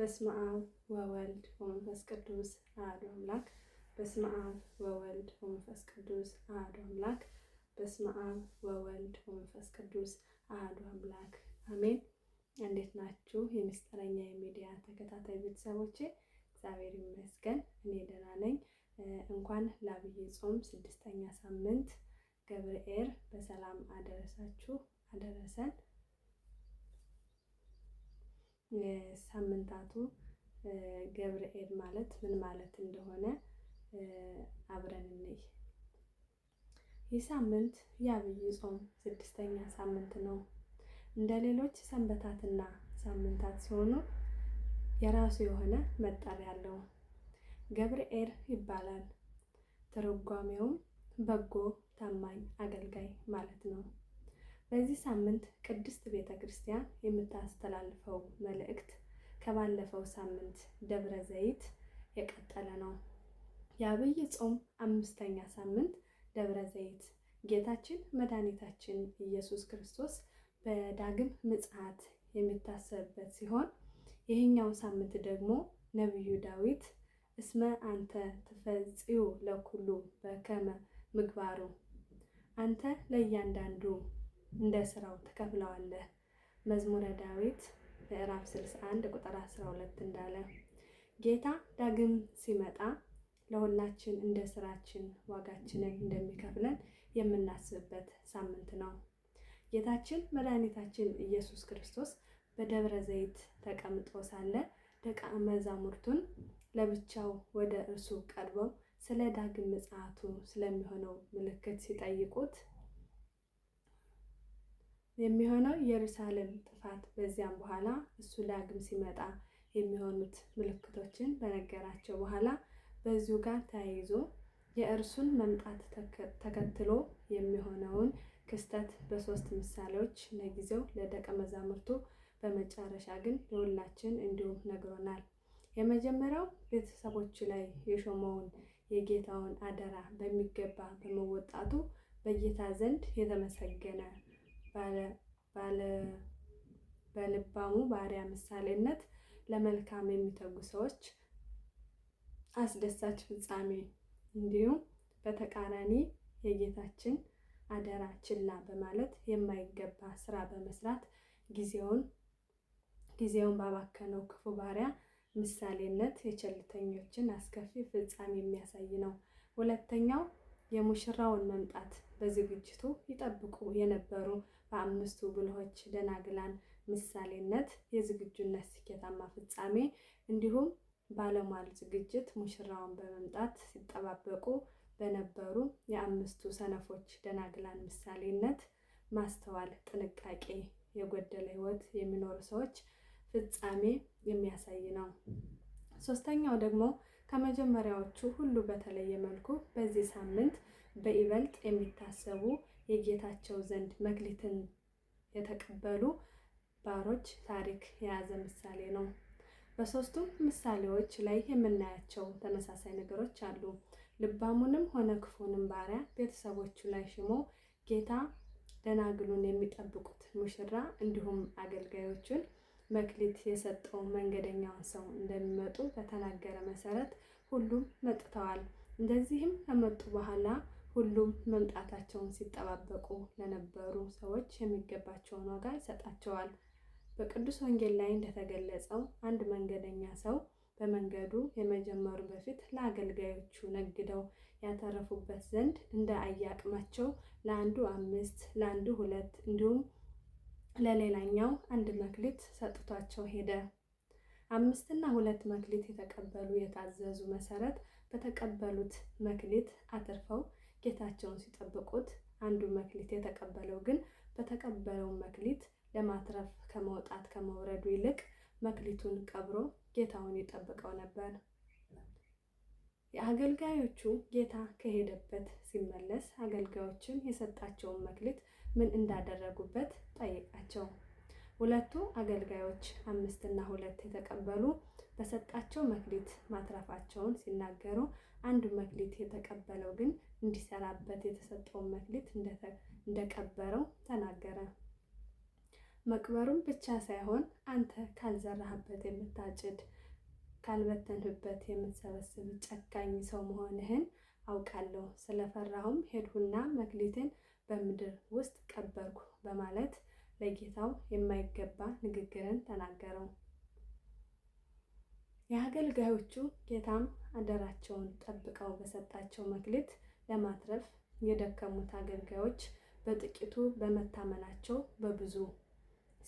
በስመ አብ ወወልድ ወመንፈስ ቅዱስ አሐዱ አምላክ። በስመ አብ ወወልድ ወመንፈስ ቅዱስ አሐዱ አምላክ። በስመ አብ ወወልድ ወመንፈስ ቅዱስ አሐዱ አምላክ አሜን። እንዴት ናችሁ? የምስጢረኛ የሚዲያ ተከታታይ ቤተሰቦቼ፣ እግዚአብሔር ይመስገን እኔ ደህና ነኝ። እንኳን ለዐቢይ ጾም ስድስተኛ ሳምንት ገብርኤል በሰላም አደረሳችሁ አደረሰን። ሳምንታቱ ገብርኤል ማለት ምን ማለት እንደሆነ አብረን እንይ። ይህ ሳምንት የአብይ ጾም ስድስተኛ ሳምንት ነው። እንደ ሌሎች ሰንበታትና ሳምንታት ሲሆኑ የራሱ የሆነ መጠሪያ አለው። ገብርኤል ይባላል። ትርጓሜውም በጎ ታማኝ አገልጋይ ማለት ነው። በዚህ ሳምንት ቅድስት ቤተ ክርስቲያን የምታስተላልፈው መልእክት ከባለፈው ሳምንት ደብረ ዘይት የቀጠለ ነው። የአብይ ጾም አምስተኛ ሳምንት ደብረ ዘይት ጌታችን መድኃኒታችን ኢየሱስ ክርስቶስ በዳግም ምጽአት የሚታሰብበት ሲሆን ይህኛው ሳምንት ደግሞ ነቢዩ ዳዊት እስመ አንተ ትፈጽዩ ለኩሉ በከመ ምግባሩ አንተ ለእያንዳንዱ እንደ ስራው ትከፍለዋለህ። መዝሙረ ዳዊት ምዕራፍ 61 ቁጥር 12 እንዳለ ጌታ ዳግም ሲመጣ ለሁላችን እንደ ስራችን ዋጋችንን እንደሚከፍለን የምናስብበት ሳምንት ነው። ጌታችን መድኃኒታችን ኢየሱስ ክርስቶስ በደብረ ዘይት ተቀምጦ ሳለ ደቀ መዛሙርቱን ለብቻው ወደ እርሱ ቀርበው ስለ ዳግም ምጽአቱ ስለሚሆነው ምልክት ሲጠይቁት የሚሆነው ኢየሩሳሌም ጥፋት። በዚያም በኋላ እሱ ዳግም ሲመጣ የሚሆኑት ምልክቶችን በነገራቸው በኋላ በዚሁ ጋር ተያይዞ የእርሱን መምጣት ተከትሎ የሚሆነውን ክስተት በሶስት ምሳሌዎች ለጊዜው ለደቀ መዛሙርቱ በመጨረሻ ግን ለሁላችን እንዲሁም ነግሮናል። የመጀመሪያው ቤተሰቦች ላይ የሾመውን የጌታውን አደራ በሚገባ በመወጣቱ በጌታ ዘንድ የተመሰገነ በልባሙ ባሪያ ምሳሌነት ለመልካም የሚተጉ ሰዎች አስደሳች ፍጻሜ እንዲሁም በተቃራኒ የጌታችን አደራ ችላ በማለት የማይገባ ስራ በመስራት ጊዜውን ጊዜውን ባባከነው ክፉ ባሪያ ምሳሌነት የቸልተኞችን አስከፊ ፍጻሜ የሚያሳይ ነው። ሁለተኛው የሙሽራውን መምጣት በዝግጅቱ ይጠብቁ የነበሩ በአምስቱ ብልሆች ደናግላን ምሳሌነት የዝግጁነት ስኬታማ ፍጻሜ እንዲሁም ባለሟል ዝግጅት ሙሽራውን በመምጣት ሲጠባበቁ በነበሩ የአምስቱ ሰነፎች ደናግላን ምሳሌነት ማስተዋል ጥንቃቄ የጎደለ ህይወት የሚኖሩ ሰዎች ፍጻሜ የሚያሳይ ነው። ሶስተኛው ደግሞ ከመጀመሪያዎቹ ሁሉ በተለየ መልኩ በዚህ ሳምንት በይበልጥ የሚታሰቡ የጌታቸው ዘንድ መክሊትን የተቀበሉ ባሮች ታሪክ የያዘ ምሳሌ ነው። በሶስቱም ምሳሌዎች ላይ የምናያቸው ተመሳሳይ ነገሮች አሉ። ልባሙንም ሆነ ክፉንም ባሪያ ቤተሰቦቹ ላይ ሽሞ ጌታ ደናግሉን የሚጠብቁት ሙሽራ እንዲሁም አገልጋዮቹን መክሊት የሰጠው መንገደኛውን ሰው እንደሚመጡ በተናገረ መሰረት ሁሉም መጥተዋል። እንደዚህም ከመጡ በኋላ ሁሉም መምጣታቸውን ሲጠባበቁ ለነበሩ ሰዎች የሚገባቸውን ዋጋ ይሰጣቸዋል። በቅዱስ ወንጌል ላይ እንደተገለጸው አንድ መንገደኛ ሰው በመንገዱ የመጀመሩ በፊት ለአገልጋዮቹ ነግደው ያተረፉበት ዘንድ እንደ አያቅማቸው ለአንዱ አምስት፣ ለአንዱ ሁለት እንዲሁም ለሌላኛው አንድ መክሊት ሰጥቷቸው ሄደ። አምስትና ሁለት መክሊት የተቀበሉ የታዘዙ መሰረት በተቀበሉት መክሊት አትርፈው ጌታቸውን ሲጠብቁት፣ አንዱ መክሊት የተቀበለው ግን በተቀበለው መክሊት ለማትረፍ ከመውጣት ከመውረዱ ይልቅ መክሊቱን ቀብሮ ጌታውን ይጠብቀው ነበር። የአገልጋዮቹ ጌታ ከሄደበት ሲመለስ አገልጋዮችን የሰጣቸውን መክሊት ምን እንዳደረጉበት ጠይቃቸው! ሁለቱ አገልጋዮች አምስትና ሁለት የተቀበሉ በሰጣቸው መክሊት ማትረፋቸውን ሲናገሩ አንዱ መክሊት የተቀበለው ግን እንዲሰራበት የተሰጠውን መክሊት እንደቀበረው ተናገረ። መቅበሩም ብቻ ሳይሆን አንተ ካልዘራህበት የምታጭድ ካልበተንህበት የምትሰበስብ ጨካኝ ሰው መሆንህን አውቃለሁ። ስለፈራሁም ሄድሁና መክሊትን በምድር ውስጥ ቀበርኩ በማለት ለጌታው የማይገባ ንግግርን ተናገረው። የአገልጋዮቹ ጌታም አደራቸውን ጠብቀው በሰጣቸው መክሊት ለማትረፍ የደከሙት አገልጋዮች በጥቂቱ በመታመናቸው በብዙ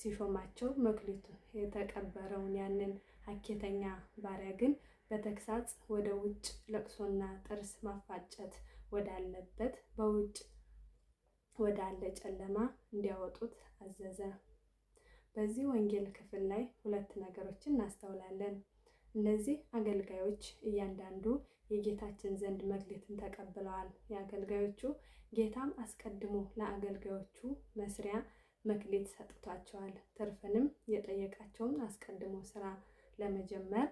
ሲሾማቸው መክሊቱ የተቀበረውን ያንን አኬተኛ ባሪያ ግን በተግሳጽ ወደ ውጭ ለቅሶና ጥርስ ማፋጨት ወዳለበት በውጭ ወዳለ ጨለማ እንዲያወጡት አዘዘ። በዚህ ወንጌል ክፍል ላይ ሁለት ነገሮችን እናስተውላለን። እነዚህ አገልጋዮች እያንዳንዱ የጌታችን ዘንድ መክሊትን ተቀብለዋል። የአገልጋዮቹ ጌታም አስቀድሞ ለአገልጋዮቹ መስሪያ መክሊት ሰጥቷቸዋል። ትርፍንም የጠየቃቸውን አስቀድሞ ስራ ለመጀመር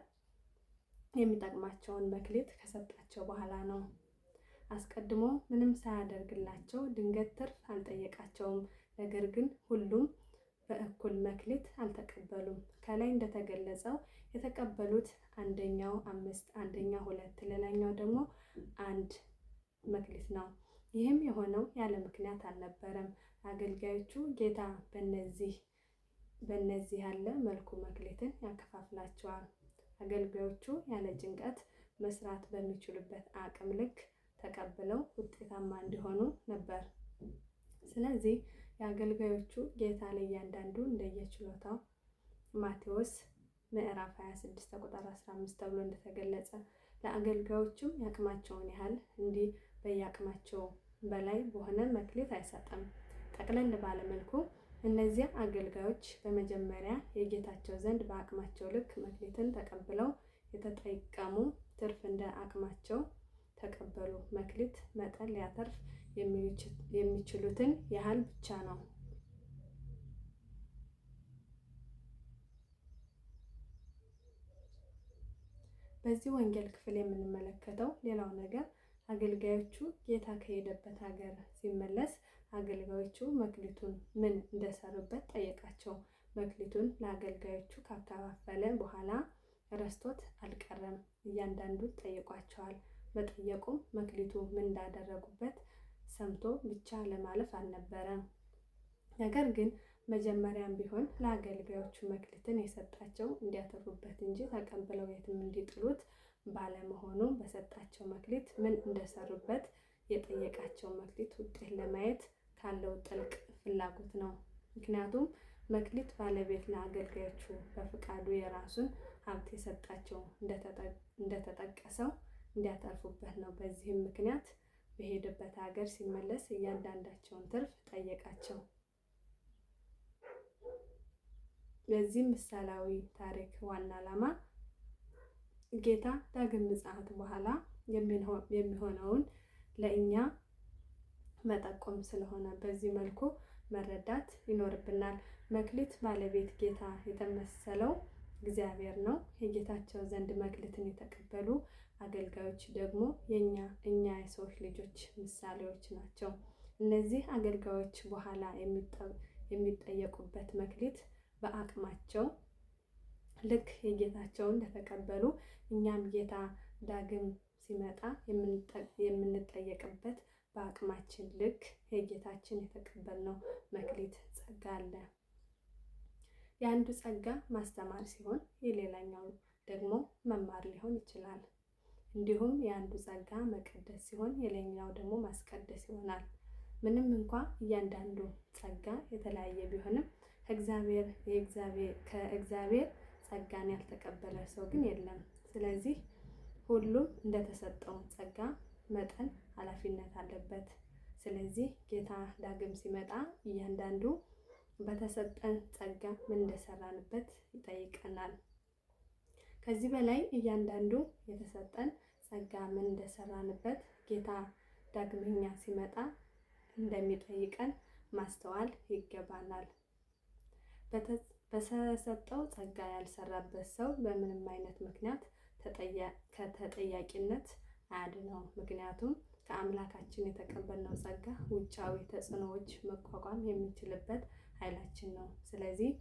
የሚጠቅማቸውን መክሊት ከሰጣቸው በኋላ ነው። አስቀድሞ ምንም ሳያደርግላቸው ድንገት ትርፍ አልጠየቃቸውም። ነገር ግን ሁሉም በእኩል መክሊት አልተቀበሉም። ከላይ እንደተገለጸው የተቀበሉት አንደኛው አምስት፣ አንደኛው ሁለት፣ ሌላኛው ደግሞ አንድ መክሊት ነው። ይህም የሆነው ያለ ምክንያት አልነበረም። አገልጋዮቹ ጌታ በነዚህ በነዚህ ያለ መልኩ መክሊትን ያከፋፍላቸዋል። አገልጋዮቹ ያለ ጭንቀት መስራት በሚችሉበት አቅም ልክ ተቀብለው ውጤታማ እንዲሆኑ ነበር። ስለዚህ የአገልጋዮቹ ጌታ ለእያንዳንዱ እንደየችሎታው ማቴዎስ ምዕራፍ 26 ቁጥር 15 ተብሎ እንደተገለጸ ለአገልጋዮቹም የአቅማቸውን ያህል እንዲህ በየአቅማቸው በላይ በሆነ መክሊት አይሰጥም። ጠቅለል ባለመልኩ እነዚያ አገልጋዮች በመጀመሪያ የጌታቸው ዘንድ በአቅማቸው ልክ መክሊትን ተቀብለው የተጠቀሙ ትርፍ እንደ አቅማቸው መክሊት መጠን ሊያተርፍ የሚችሉትን ያህል ብቻ ነው። በዚህ ወንጌል ክፍል የምንመለከተው ሌላው ነገር አገልጋዮቹ ጌታ ከሄደበት ሀገር ሲመለስ አገልጋዮቹ መክሊቱን ምን እንደሰሩበት ጠየቃቸው። መክሊቱን ለአገልጋዮቹ ካከፋፈለ በኋላ ረስቶት አልቀረም፣ እያንዳንዱን ጠይቋቸዋል። መጠየቁም መክሊቱ ምን እንዳደረጉበት ሰምቶ ብቻ ለማለፍ አልነበረም። ነገር ግን መጀመሪያም ቢሆን ለአገልጋዮቹ መክሊትን የሰጣቸው እንዲያተርፉበት እንጂ ተቀብለው የትም እንዲጥሉት ባለመሆኑ በሰጣቸው መክሊት ምን እንደሰሩበት የጠየቃቸው መክሊት ውጤት ለማየት ካለው ጥልቅ ፍላጎት ነው። ምክንያቱም መክሊት ባለቤት ለአገልጋዮቹ በፍቃዱ የራሱን ሀብት የሰጣቸው እንደተጠቀሰው እንዲያተርፉበት ነው። በዚህም ምክንያት በሄደበት ሀገር ሲመለስ እያንዳንዳቸውን ትርፍ ጠየቃቸው። ለዚህም ምሳሌያዊ ታሪክ ዋና ዓላማ ጌታ ዳግም ምጽአት በኋላ የሚሆነውን ለእኛ መጠቆም ስለሆነ በዚህ መልኩ መረዳት ይኖርብናል። መክሊት ባለቤት ጌታ የተመሰለው እግዚአብሔር ነው። የጌታቸው ዘንድ መክሊትን የተቀበሉ አገልጋዮች ደግሞ የኛ እኛ የሰዎች ልጆች ምሳሌዎች ናቸው። እነዚህ አገልጋዮች በኋላ የሚጠየቁበት መክሊት በአቅማቸው ልክ የጌታቸውን እንደተቀበሉ እኛም ጌታ ዳግም ሲመጣ የምንጠየቅበት በአቅማችን ልክ የጌታችን የተቀበልነው መክሊት ጸጋ አለ። የአንዱ ጸጋ ማስተማር ሲሆን የሌላኛው ደግሞ መማር ሊሆን ይችላል። እንዲሁም የአንዱ ጸጋ መቀደስ ሲሆን የሌላኛው ደግሞ ማስቀደስ ይሆናል። ምንም እንኳ እያንዳንዱ ጸጋ የተለያየ ቢሆንም ከእግዚአብሔር ከእግዚአብሔር ጸጋን ያልተቀበለ ሰው ግን የለም። ስለዚህ ሁሉም እንደተሰጠው ጸጋ መጠን ኃላፊነት አለበት። ስለዚህ ጌታ ዳግም ሲመጣ እያንዳንዱ በተሰጠን ጸጋ ምን እንደሰራንበት ይጠይቀናል። ከዚህ በላይ እያንዳንዱ የተሰጠን ጸጋ ምን እንደሰራንበት ጌታ ዳግመኛ ሲመጣ እንደሚጠይቀን ማስተዋል ይገባናል። በተሰጠው ጸጋ ያልሰራበት ሰው በምንም አይነት ምክንያት ከተጠያቂነት አያድነውም። ምክንያቱም ከአምላካችን የተቀበልነው ጸጋ ውጫዊ ተጽዕኖዎች መቋቋም የሚችልበት ኃይላችን ነው። ስለዚህ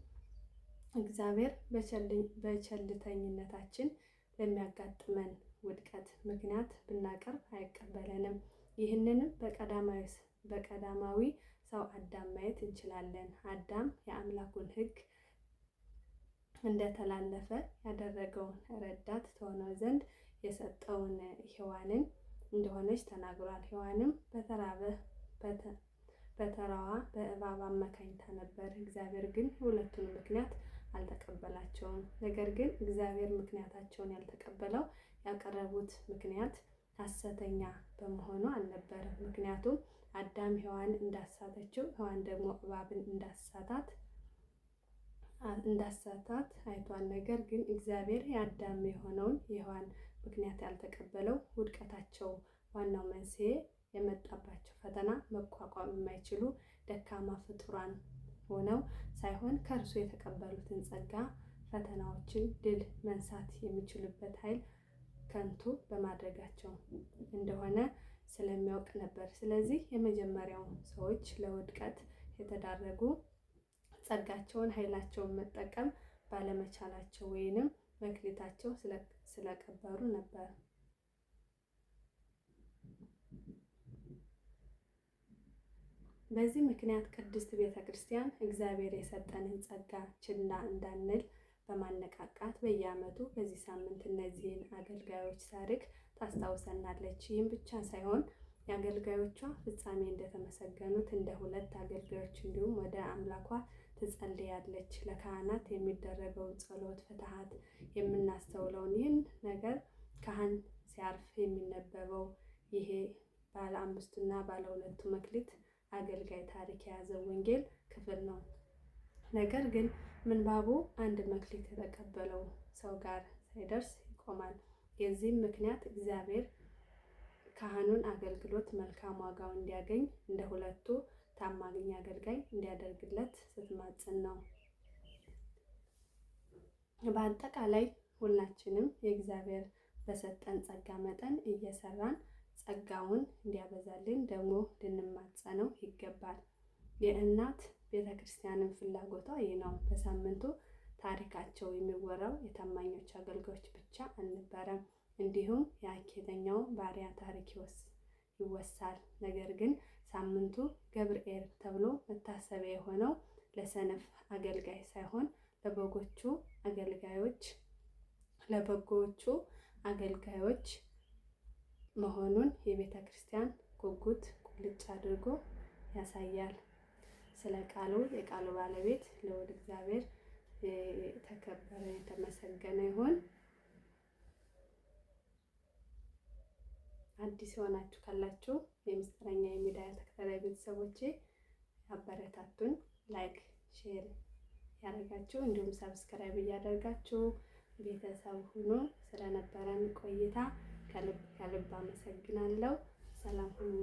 እግዚአብሔር በቸልተኝነታችን ለሚያጋጥመን ውድቀት ምክንያት ብናቀርብ አይቀበለንም። ይህንንም በቀዳማዊ ሰው አዳም ማየት እንችላለን። አዳም የአምላኩን ሕግ እንደተላለፈ ያደረገውን ረዳት ተሆነው ዘንድ የሰጠውን ሔዋንን እንደሆነች ተናግሯል። ሔዋንም በተራበ በተራዋ በእባብ አማካኝታ ነበር። እግዚአብሔር ግን ሁለቱን ምክንያት አልተቀበላቸውም። ነገር ግን እግዚአብሔር ምክንያታቸውን ያልተቀበለው ያቀረቡት ምክንያት ሐሰተኛ በመሆኑ አልነበረም። ምክንያቱም አዳም ሔዋን እንዳሳተችው ሔዋን ደግሞ እባብን እንዳሳታት እንዳሳታት አይቷል። ነገር ግን እግዚአብሔር የአዳም የሆነውን የሔዋን ምክንያት ያልተቀበለው ውድቀታቸው ዋናው መንስኤ የመጣባቸው ፈተና መቋቋም የማይችሉ ደካማ ፍጡራን ሆነው ሳይሆን ከእርሱ የተቀበሉትን ጸጋ ፈተናዎችን ድል መንሳት የሚችሉበት ኃይል ከንቱ በማድረጋቸው እንደሆነ ስለሚያውቅ ነበር። ስለዚህ የመጀመሪያው ሰዎች ለውድቀት የተዳረጉ ጸጋቸውን፣ ኃይላቸውን መጠቀም ባለመቻላቸው ወይንም መክሊታቸው ስለቀበሩ ነበር። በዚህ ምክንያት ቅድስት ቤተ ክርስቲያን እግዚአብሔር የሰጠንን ጸጋ ችላ እንዳንል በማነቃቃት በየዓመቱ በዚህ ሳምንት እነዚህን አገልጋዮች ታሪክ ታስታውሰናለች። ይህም ብቻ ሳይሆን የአገልጋዮቿ ፍጻሜ እንደተመሰገኑት እንደ ሁለት አገልጋዮች እንዲሁም ወደ አምላኳ ትጸልያለች። ለካህናት የሚደረገው ጸሎት ፍትሐት የምናስተውለውን ይህን ነገር ካህን ሲያርፍ የሚነበበው ይሄ ባለ አምስቱና ባለ ሁለቱ መክሊት አገልጋይ ታሪክ የያዘ ወንጌል ክፍል ነው። ነገር ግን ምንባቡ አንድ መክሊት የተቀበለው ሰው ጋር ሳይደርስ ይቆማል። የዚህም ምክንያት እግዚአብሔር ካህኑን አገልግሎት መልካም ዋጋው እንዲያገኝ እንደ ሁለቱ ታማኝ አገልጋይ እንዲያደርግለት ስትማጽን ነው። በአጠቃላይ ሁላችንም የእግዚአብሔር በሰጠን ጸጋ መጠን እየሰራን ጸጋውን እንዲያበዛልን ደግሞ ልንማጸነው ይገባል። የእናት ቤተ ክርስቲያንን ፍላጎቷ ይህ ነው። በሳምንቱ ታሪካቸው የሚወራው የታማኞች አገልጋዮች ብቻ አልነበረም። እንዲሁም የአኬተኛው ባሪያ ታሪክ ይወሳል። ነገር ግን ሳምንቱ ገብርኤል ተብሎ መታሰቢያ የሆነው ለሰነፍ አገልጋይ ሳይሆን ለበጎቹ አገልጋዮች ለበጎቹ አገልጋዮች መሆኑን የቤተ ክርስቲያን ጉጉት ቁልጭ አድርጎ ያሳያል። ስለ ቃሉ የቃሉ ባለቤት ልዑል እግዚአብሔር የተከበረ የተመሰገነ ይሁን። አዲስ የሆናችሁ ካላችሁ የምስጢረኛ የሚዲያ ተከታታይ ቤተሰቦቼ አበረታቱን። ላይክ፣ ሼር ያደርጋችሁ እንዲሁም ሰብስክራይብ እያደርጋችሁ ቤተሰብ ሁኑ። ስለነበረን ቆይታ ከልብ ከልብ አመሰግናለሁ። ሰላም ሁኑ።